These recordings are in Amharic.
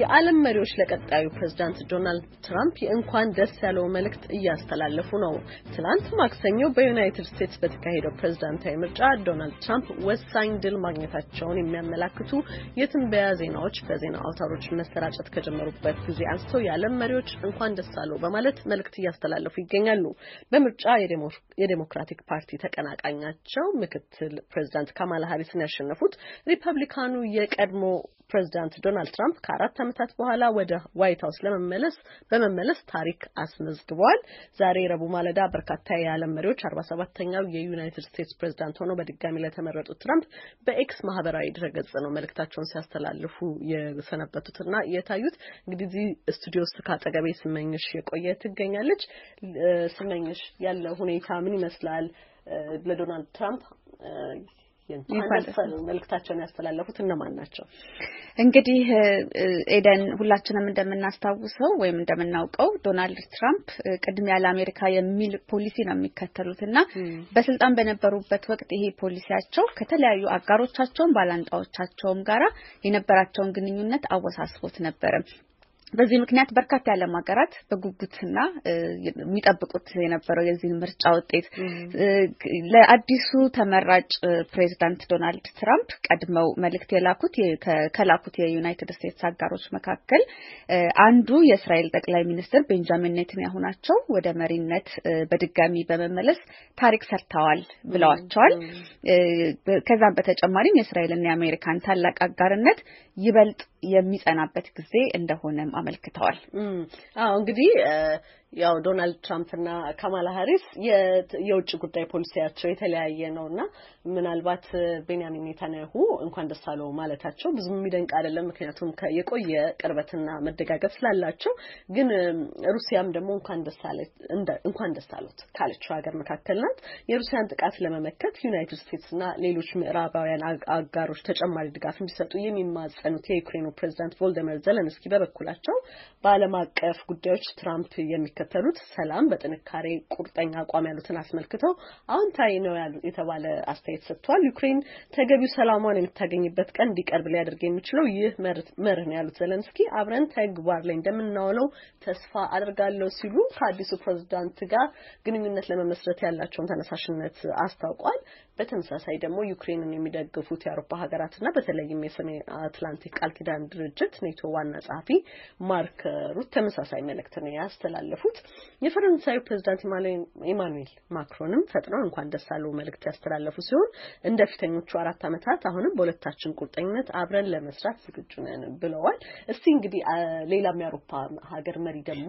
የዓለም መሪዎች ለቀጣዩ ፕሬዝዳንት ዶናልድ ትራምፕ የእንኳን ደስ ያለው መልእክት እያስተላለፉ ነው። ትናንት ማክሰኞ በዩናይትድ ስቴትስ በተካሄደው ፕሬዝዳንታዊ ምርጫ ዶናልድ ትራምፕ ወሳኝ ድል ማግኘታቸውን የሚያመላክቱ የትንበያ ዜናዎች በዜና አውታሮች መሰራጨት ከጀመሩበት ጊዜ አንስቶ የዓለም መሪዎች እንኳን ደስ አለው በማለት መልእክት እያስተላለፉ ይገኛሉ። በምርጫ የዴሞክራቲክ ፓርቲ ተቀናቃኛቸው ምክትል ፕሬዝዳንት ካማላ ሀሪስን ያሸነፉት ሪፐብሊካኑ የቀድሞ ፕሬዝዳንት ዶናልድ ትራምፕ ከአራት ዓመታት በኋላ ወደ ዋይት ሀውስ ለመመለስ በመመለስ ታሪክ አስመዝግበዋል። ዛሬ ረቡዕ ማለዳ በርካታ የዓለም መሪዎች አርባ ሰባተኛው የዩናይትድ ስቴትስ ፕሬዚዳንት ሆነው በድጋሚ ለተመረጡት ትራምፕ በኤክስ ማህበራዊ ድረገጽ ነው መልእክታቸውን ሲያስተላልፉ የሰነበቱትና የታዩት። እንግዲህ እዚህ ስቱዲዮ ውስጥ ከአጠገቤ ስመኝሽ የቆየ ትገኛለች። ስመኝሽ ያለ ሁኔታ ምን ይመስላል? ለዶናልድ ትራምፕ መልእክታቸውን ያስተላለፉት እነማን ናቸው? እንግዲህ ኤደን፣ ሁላችንም እንደምናስታውሰው ወይም እንደምናውቀው ዶናልድ ትራምፕ ቅድሚያ ለአሜሪካ የሚል ፖሊሲ ነው የሚከተሉት እና በስልጣን በነበሩበት ወቅት ይሄ ፖሊሲያቸው ከተለያዩ አጋሮቻቸውም ባላንጣዎቻቸውም ጋራ የነበራቸውን ግንኙነት አወሳስቦት ነበረ። በዚህ ምክንያት በርካታ የዓለም ሀገራት በጉጉትና የሚጠብቁት የነበረው የዚህ ምርጫ ውጤት ለአዲሱ ተመራጭ ፕሬዚዳንት ዶናልድ ትራምፕ ቀድመው መልእክት የላኩት ከላኩት የዩናይትድ ስቴትስ አጋሮች መካከል አንዱ የእስራኤል ጠቅላይ ሚኒስትር ቤንጃሚን ኔትንያሁ ናቸው። ወደ መሪነት በድጋሚ በመመለስ ታሪክ ሰርተዋል ብለዋቸዋል። ከዛም በተጨማሪም የእስራኤልና የአሜሪካን ታላቅ አጋርነት ይበልጥ የሚጸናበት ጊዜ እንደሆነም አመልክተዋል። አዎ እንግዲህ ያው ዶናልድ ትራምፕ እና ካማላ ሀሪስ የውጭ ጉዳይ ፖሊሲያቸው የተለያየ እና ምናልባት ቤንያሚን ኔታንያሁ እንኳን ደስ አለው ማለታቸው ብዙም የሚደንቅ አይደለም። ምክንያቱም የቆየ ቅርበትና መደጋገፍ ስላላቸው። ግን ሩሲያም ደግሞ እንኳን ደስ አሉት ካለችው ሀገር መካከል ናት። የሩሲያን ጥቃት ለመመከት ዩናይትድ ስቴትስና ሌሎች ምዕራባውያን አጋሮች ተጨማሪ ድጋፍ እንዲሰጡ የሚማጸኑት የዩክሬኑ ፕሬዚዳንት ቮልደመር ዘለንስኪ በበኩላቸው ናቸው። በዓለም አቀፍ ጉዳዮች ትራምፕ የሚከተሉት ሰላም፣ በጥንካሬ ቁርጠኛ አቋም ያሉትን አስመልክተው አዎንታዊ ነው የተባለ አስተያየት ሰጥቷል። ዩክሬን ተገቢው ሰላሟን የምታገኝበት ቀን እንዲቀርብ ሊያደርግ የሚችለው ይህ መርህ ነው ያሉት ዘለንስኪ አብረን ተግባር ላይ እንደምናውለው ተስፋ አድርጋለሁ ሲሉ ከአዲሱ ፕሬዝዳንት ጋር ግንኙነት ለመመስረት ያላቸውን ተነሳሽነት አስታውቋል። በተመሳሳይ ደግሞ ዩክሬንን የሚደግፉት የአውሮፓ ሀገራትና በተለይም የሰሜን አትላንቲክ ቃል ኪዳን ድርጅት ኔቶ ዋና ጸሐፊ ማርክ ሩት ተመሳሳይ መልእክት ነው ያስተላለፉት። የፈረንሳዩ ፕሬዚዳንት ኢማኑኤል ማክሮንም ፈጥነው እንኳን ደስ አለው መልእክት ያስተላለፉ ሲሆን እንደ ፊተኞቹ አራት ዓመታት አሁንም በሁለታችን ቁርጠኝነት አብረን ለመስራት ዝግጁ ነን ብለዋል። እስቲ እንግዲህ ሌላም የአውሮፓ ሀገር መሪ ደግሞ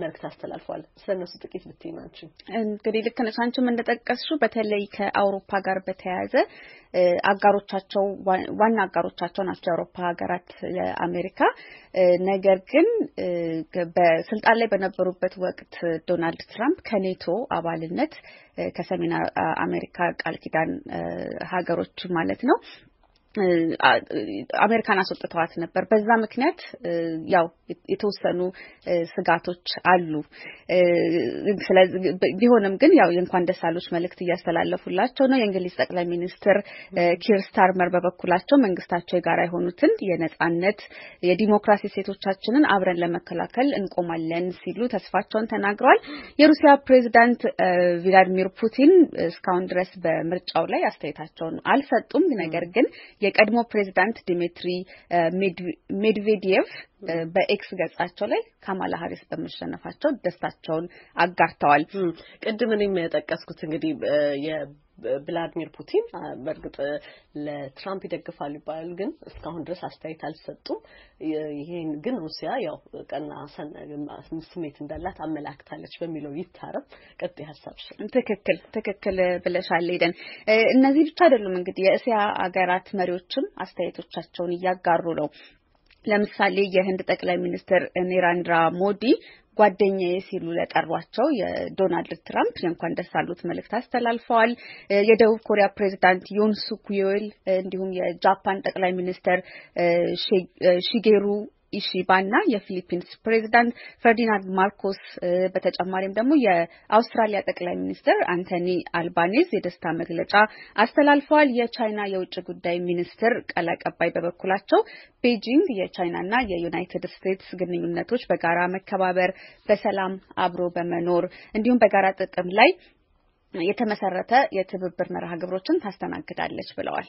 መልእክት አስተላልፏል። ስለነሱ ጥቂት ብትይ እንግዲህ ልክ ነሽ አንቺም በተለይ ከአውሮፓ ጋር በተያያዘ አጋሮቻቸው ዋና አጋሮቻቸው ናቸው የአውሮፓ ሀገራት ለአሜሪካ። ነገር ግን በስልጣን ላይ በነበሩበት ወቅት ዶናልድ ትራምፕ ከኔቶ አባልነት ከሰሜን አሜሪካ ቃል ኪዳን ሀገሮች ማለት ነው አሜሪካን አስወጥተዋት ነበር። በዛ ምክንያት ያው የተወሰኑ ስጋቶች አሉ። ስለዚህ ቢሆንም ግን ያው የእንኳን ደስ አሎች መልእክት እያስተላለፉላቸው ነው። የእንግሊዝ ጠቅላይ ሚኒስትር ኪር ስታርመር በበኩላቸው መንግስታቸው የጋራ የሆኑትን የነጻነት የዲሞክራሲ ሴቶቻችንን አብረን ለመከላከል እንቆማለን ሲሉ ተስፋቸውን ተናግረዋል። የሩሲያ ፕሬዚዳንት ቪላዲሚር ፑቲን እስካሁን ድረስ በምርጫው ላይ አስተያየታቸውን አልሰጡም። ነገር ግን የቀድሞ ፕሬዚዳንት ዲሚትሪ ሜድቬዴቭ በኤ በኤክስ ገጻቸው ላይ ካማላ ሀሪስ በመሸነፋቸው ደስታቸውን አጋርተዋል። ቅድም እኔም የጠቀስኩት እንግዲህ ብላድሚር ፑቲን በእርግጥ ለትራምፕ ይደግፋሉ ይባላል፣ ግን እስካሁን ድረስ አስተያየት አልሰጡም። ይሄን ግን ሩሲያ ያው ቀና ስሜት እንዳላት አመላክታለች በሚለው ይታረም። ቀጥ ሀሳብ ትክክል ትክክል ብለሻል ሄደን። እነዚህ ብቻ አይደሉም እንግዲህ የእስያ ሀገራት መሪዎችም አስተያየቶቻቸውን እያጋሩ ነው። ለምሳሌ የህንድ ጠቅላይ ሚኒስትር ኒራንድራ ሞዲ ጓደኛዬ ሲሉ ለጠሯቸው የዶናልድ ትራምፕ የእንኳን ደስ አሉት መልእክት አስተላልፈዋል። የደቡብ ኮሪያ ፕሬዚዳንት ዮን ሱክ ዮል እንዲሁም የጃፓን ጠቅላይ ሚኒስትር ሺጌሩ ኢሺባ እና የፊሊፒንስ ፕሬዚዳንት ፈርዲናንድ ማርኮስ በተጨማሪም ደግሞ የአውስትራሊያ ጠቅላይ ሚኒስትር አንቶኒ አልባኔዝ የደስታ መግለጫ አስተላልፈዋል። የቻይና የውጭ ጉዳይ ሚኒስትር ቃል አቀባይ በበኩላቸው ቤጂንግ የቻይናና የዩናይትድ ስቴትስ ግንኙነቶች በጋራ መከባበር፣ በሰላም አብሮ በመኖር እንዲሁም በጋራ ጥቅም ላይ የተመሰረተ የትብብር መርሃ ግብሮችን ታስተናግዳለች ብለዋል።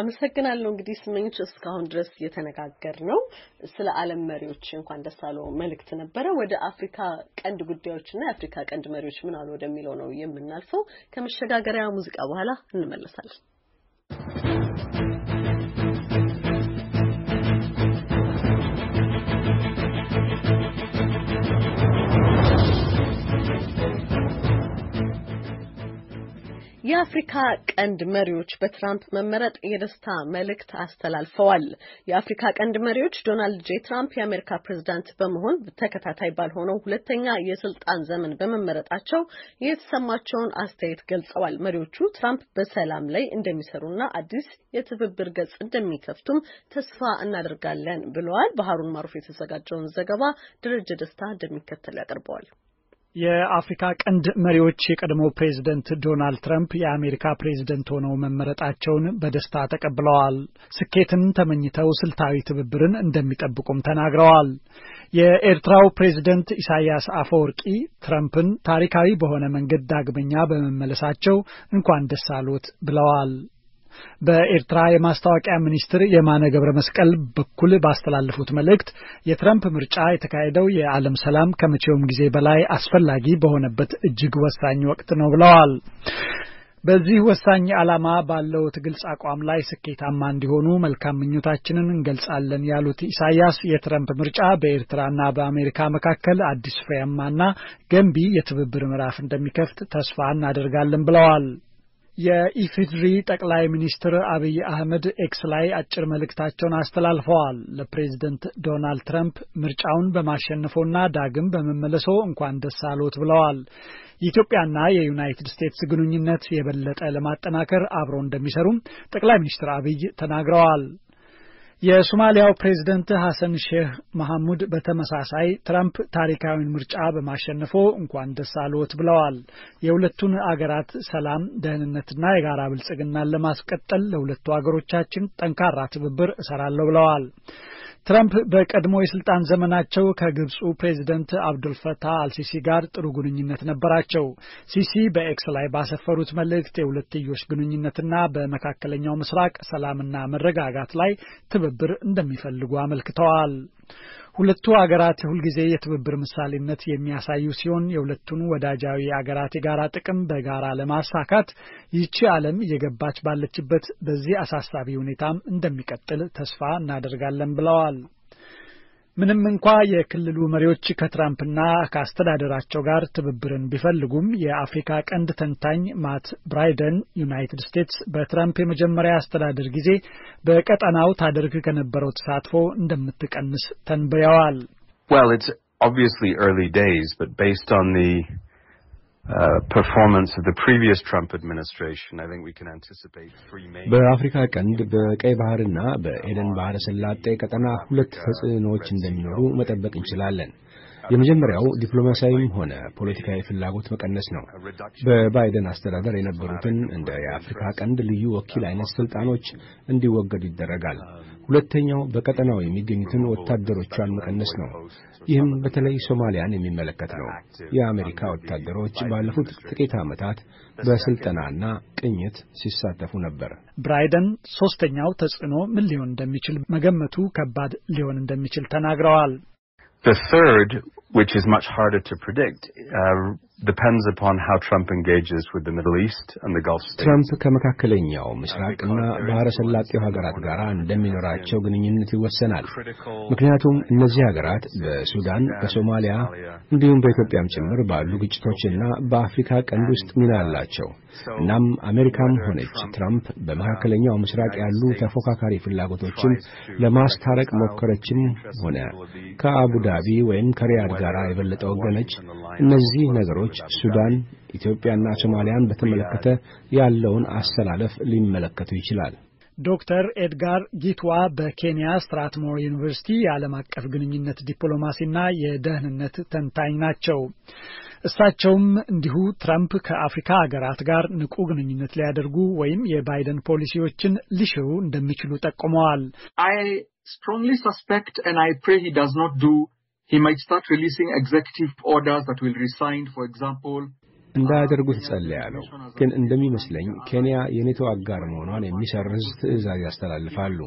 አመሰግናለሁ። እንግዲህ ስመኞች እስካሁን ድረስ እየተነጋገር ነው ስለ ዓለም መሪዎች እንኳን ደስ አለው መልእክት ነበረ። ወደ አፍሪካ ቀንድ ጉዳዮችና የአፍሪካ ቀንድ መሪዎች ምን አሉ ወደሚለው ነው የምናልፈው። ከመሸጋገሪያ ሙዚቃ በኋላ እንመለሳለን። የአፍሪካ ቀንድ መሪዎች በትራምፕ መመረጥ የደስታ መልእክት አስተላልፈዋል። የአፍሪካ ቀንድ መሪዎች ዶናልድ ጄ ትራምፕ የአሜሪካ ፕሬዝዳንት በመሆን ተከታታይ ባልሆነው ሁለተኛ የስልጣን ዘመን በመመረጣቸው የተሰማቸውን አስተያየት ገልጸዋል። መሪዎቹ ትራምፕ በሰላም ላይ እንደሚሰሩና አዲስ የትብብር ገጽ እንደሚከፍቱም ተስፋ እናደርጋለን ብለዋል። ባህሩን ማሩፍ የተዘጋጀውን ዘገባ ደረጀ ደስታ እንደሚከተል ያቀርበዋል። የአፍሪካ ቀንድ መሪዎች የቀድሞ ፕሬዝደንት ዶናልድ ትራምፕ የአሜሪካ ፕሬዝደንት ሆነው መመረጣቸውን በደስታ ተቀብለዋል። ስኬትን ተመኝተው ስልታዊ ትብብርን እንደሚጠብቁም ተናግረዋል። የኤርትራው ፕሬዝደንት ኢሳያስ አፈወርቂ ትራምፕን ታሪካዊ በሆነ መንገድ ዳግመኛ በመመለሳቸው እንኳን ደስ አሎት ብለዋል። በኤርትራ የማስታወቂያ ሚኒስትር የማነ ገብረ መስቀል በኩል ባስተላለፉት መልእክት የትረምፕ ምርጫ የተካሄደው የዓለም ሰላም ከመቼውም ጊዜ በላይ አስፈላጊ በሆነበት እጅግ ወሳኝ ወቅት ነው ብለዋል። በዚህ ወሳኝ ዓላማ ባለው ግልጽ አቋም ላይ ስኬታማ እንዲሆኑ መልካም ምኞታችንን እንገልጻለን ያሉት ኢሳያስ የትረምፕ ምርጫ በኤርትራና በአሜሪካ መካከል አዲስ ፍሬያማና ገንቢ የትብብር ምዕራፍ እንደሚከፍት ተስፋ እናደርጋለን ብለዋል። የኢፌድሪ ጠቅላይ ሚኒስትር አብይ አህመድ ኤክስ ላይ አጭር መልእክታቸውን አስተላልፈዋል። ለፕሬዝደንት ዶናልድ ትራምፕ ምርጫውን በማሸነፎና ዳግም በመመለሶ እንኳን ደስ አሎት ብለዋል። የኢትዮጵያና የዩናይትድ ስቴትስ ግንኙነት የበለጠ ለማጠናከር አብሮ እንደሚሰሩም ጠቅላይ ሚኒስትር አብይ ተናግረዋል። የሶማሊያው ፕሬዝደንት ሐሰን ሼህ መሐሙድ በተመሳሳይ ትራምፕ ታሪካዊን ምርጫ በማሸነፎ እንኳን ደስ አልዎት ብለዋል። የሁለቱን አገራት ሰላም፣ ደህንነትና የጋራ ብልጽግናን ለማስቀጠል ለሁለቱ አገሮቻችን ጠንካራ ትብብር እሰራለሁ ብለዋል። ትራምፕ በቀድሞ የስልጣን ዘመናቸው ከግብፁ ፕሬዚደንት አብዱልፈታ አልሲሲ ጋር ጥሩ ግንኙነት ነበራቸው። ሲሲ በኤክስ ላይ ባሰፈሩት መልእክት የሁለትዮሽ ግንኙነትና በመካከለኛው ምስራቅ ሰላምና መረጋጋት ላይ ትብብር እንደሚፈልጉ አመልክተዋል። ሁለቱ አገራት ሁልጊዜ የትብብር ምሳሌነት የሚያሳዩ ሲሆን የሁለቱን ወዳጃዊ አገራት የጋራ ጥቅም በጋራ ለማሳካት ይቺ ዓለም እየገባች ባለችበት በዚህ አሳሳቢ ሁኔታም እንደሚቀጥል ተስፋ እናደርጋለን ብለዋል። ምንም እንኳ የክልሉ መሪዎች ከትራምፕና ከአስተዳደራቸው ጋር ትብብርን ቢፈልጉም የአፍሪካ ቀንድ ተንታኝ ማት ብራይደን ዩናይትድ ስቴትስ በትራምፕ የመጀመሪያ አስተዳደር ጊዜ በቀጠናው ታደርግ ከነበረው ተሳትፎ እንደምትቀንስ ተንብየዋል። በአፍሪካ ቀንድ በቀይ ባህርና በኤደን ባህረ ሰላጤ ቀጠና ሁለት ተጽዕኖዎች እንደሚኖሩ መጠበቅ እንችላለን። የመጀመሪያው ዲፕሎማሲያዊም ሆነ ፖለቲካዊ ፍላጎት መቀነስ ነው። በባይደን አስተዳደር የነበሩትን እንደ የአፍሪካ ቀንድ ልዩ ወኪል አይነት ስልጣኖች እንዲወገዱ ይደረጋል። ሁለተኛው በቀጠናው የሚገኙትን ወታደሮቿን መቀነስ ነው። ይህም በተለይ ሶማሊያን የሚመለከት ነው። የአሜሪካ ወታደሮች ባለፉት ጥቂት ዓመታት በስልጠናና ቅኝት ሲሳተፉ ነበር። ብራይደን ሶስተኛው ተጽዕኖ ምን ሊሆን እንደሚችል መገመቱ ከባድ ሊሆን እንደሚችል ተናግረዋል። which is much harder to predict. Uh, ትራምፕ ከመካከለኛው ምስራቅና ባህረ ሰላጤው ሀገራት ጋር እንደሚኖራቸው ግንኙነት ይወሰናል። ምክንያቱም እነዚህ ሀገራት በሱዳን፣ በሶማሊያ እንዲሁም በኢትዮጵያም ጭምር ባሉ ግጭቶችና በአፍሪካ ቀንድ ውስጥ ሚና አላቸው። እናም አሜሪካም ሆነች ትራምፕ በመካከለኛው ምስራቅ ያሉ ተፎካካሪ ፍላጎቶችን ለማስታረቅ ሞከረችም ሆነ ከአቡዳቢ ወይም ከሪያድ ጋር የበለጠ ወገነች፣ እነዚህ ነገሮች ሀገሮች ሱዳን፣ ኢትዮጵያና ሶማሊያን በተመለከተ ያለውን አሰላለፍ ሊመለከቱ ይችላል። ዶክተር ኤድጋር ጊትዋ በኬንያ ስትራትሞር ዩኒቨርሲቲ የዓለም አቀፍ ግንኙነት ዲፕሎማሲና የደህንነት ተንታኝ ናቸው። እሳቸውም እንዲሁ ትራምፕ ከአፍሪካ ሀገራት ጋር ንቁ ግንኙነት ሊያደርጉ ወይም የባይደን ፖሊሲዎችን ሊሽሩ እንደሚችሉ ጠቁመዋል። I strongly suspect and I pray he does not do He might start releasing executive orders that will resign, for example. እንዳያደርጉት ጸልያለሁ። ግን እንደሚመስለኝ ኬንያ የኔቶ አጋር መሆኗን የሚሰርዝ ትዕዛዝ ያስተላልፋሉ።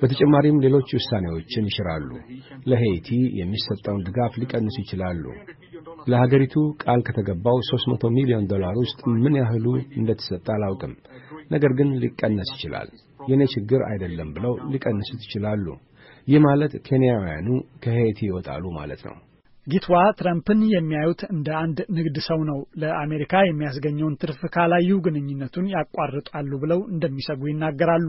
በተጨማሪም ሌሎች ውሳኔዎችን ይሽራሉ። ለሄይቲ የሚሰጠውን ድጋፍ ሊቀንሱ ይችላሉ። ለሀገሪቱ ቃል ከተገባው 300 ሚሊዮን ዶላር ውስጥ ምን ያህሉ እንደተሰጠ አላውቅም። ነገር ግን ሊቀነስ ይችላል። የእኔ ችግር አይደለም ብለው ሊቀንሱት ይችላሉ። ይህ ማለት ኬንያውያኑ ከሄይቲ ይወጣሉ ማለት ነው። ጊትዋ ትረምፕን የሚያዩት እንደ አንድ ንግድ ሰው ነው። ለአሜሪካ የሚያስገኘውን ትርፍ ካላዩ ግንኙነቱን ያቋርጣሉ ብለው እንደሚሰጉ ይናገራሉ።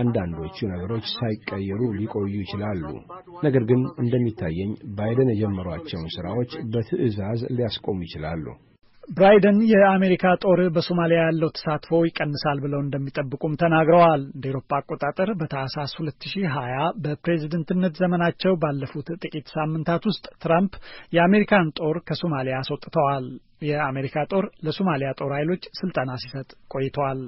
አንዳንዶቹ ነገሮች ሳይቀየሩ ሊቆዩ ይችላሉ። ነገር ግን እንደሚታየኝ ባይደን የጀመሯቸውን ስራዎች በትዕዛዝ ሊያስቆሙ ይችላሉ። ብራይደን የአሜሪካ ጦር በሶማሊያ ያለው ተሳትፎ ይቀንሳል ብለው እንደሚጠብቁም ተናግረዋል። እንደ ኤሮፓ አቆጣጠር በታህሳስ 2020 በፕሬዝደንትነት ዘመናቸው ባለፉት ጥቂት ሳምንታት ውስጥ ትራምፕ የአሜሪካን ጦር ከሶማሊያ አስወጥተዋል። የአሜሪካ ጦር ለሶማሊያ ጦር ኃይሎች ስልጠና ሲሰጥ ቆይተዋል።